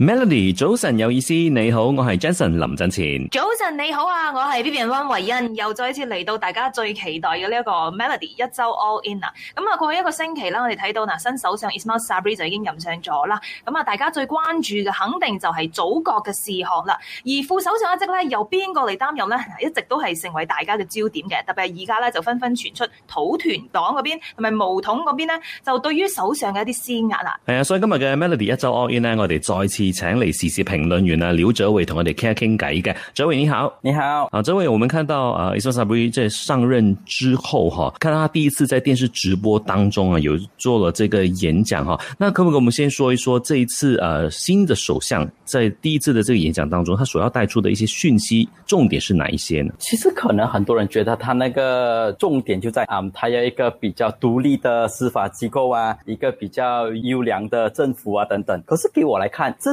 Melody，早晨有意思，你好，我係 Jason 林振前。早晨你好啊，我係 Vivian 溫維恩，又再一次嚟到大家最期待嘅呢一個 Melody 一周 all in 啊！咁啊過去一個星期啦，我哋睇到嗱，新首相 Ismail Sabri 就已經任上咗啦。咁啊，大家最關注嘅肯定就係組閣嘅事項啦。而副首相一職咧，由邊個嚟擔任咧，一直都係成為大家嘅焦點嘅。特別係而家咧，就紛紛傳出土團黨嗰邊同埋毛統嗰邊咧，就對於首相嘅一啲施壓啦。係啊，所以今日嘅 Melody 一周 all in 咧，我哋再次。請嚟時事評論員啊，劉哲偉同我哋傾一傾偈，哲偉你好，你好，啊，哲偉，我們看到啊 Ishiba 在上任之後哈，看到他第一次在電視直播當中啊，有做了這個演講哈。那可不可以我們先說一說，這一次啊，新的首相在第一次的這個演講當中，他所要帶出的一些訊息重點是哪一些呢？其實可能很多人覺得他那個重點就在啊，他要一個比較獨立的司法機構啊，一個比較優良的政府啊，等等。可是給我來看，這。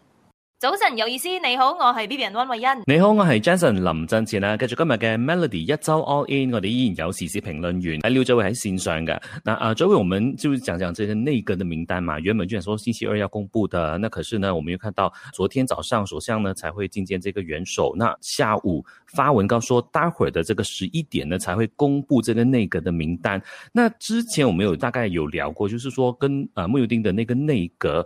早晨，有意思，你好，我係 B B 人溫慧欣。你好，我係 Jason 林振前啊。繼續今日嘅 Melody 一周 All In，我哋依然有時事評論員阿六這位喺線上㗎。那啊、呃，這位我們就講講這個內閣的名單嘛。原本就想說星期二要公布的，那可是呢，我們又看到昨天早上首相呢才會覲見這個元首，那下午發文告說，待會兒的這個十一點呢才會公布這個內閣的名單。那之前我們有大概有聊過，就是說跟啊慕、呃、尤丁的那個內閣。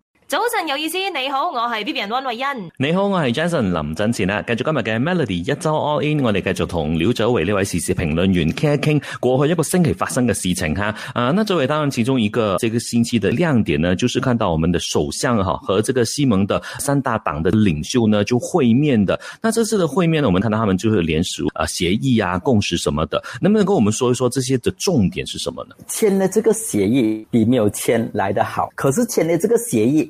早晨有意思，你好，我是 Vivian 溫慧恩。你好，我是 Jason 林振前啦。繼續今日嘅 Melody 一周 All In，我哋繼續同劉祖偉呢位時事評論員傾一傾過去一個星期發生嘅事情哈。啊、呃，那祖偉當然其中一個這個星期的亮點呢，就是看到我們的首相哈、啊、和這個西蒙的三大黨的領袖呢就會面的。那這次的會面呢，我們看到他們就會簽署啊協議啊共識什麼的。能不能跟我們說一說這些的重點是什麼呢？簽了這個協議比沒有簽來得好，可是簽了這個協議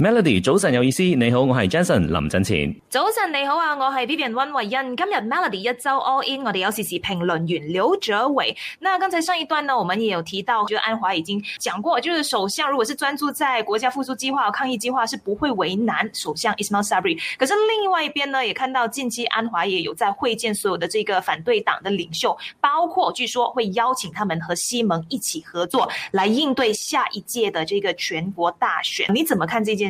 Melody，早晨有意思，你好，我是 Jason 林振前。早晨你好啊，我是 Vivian 温慧欣。今日 Melody 一周 All In，我哋有時事評論員劉哲偉。那剛才上一段呢，我們也有提到，就安華已經講過，就是首相如果是專注在國家復蘇計劃、抗疫計劃，是不會為難首相 Ismail Sabri。可是另外一邊呢，也看到近期安華也有在會見所有的這個反對黨的領袖，包括據說會邀請他們和西蒙一起合作，來應對下一屆的這個全國大選。你怎麼看這件事？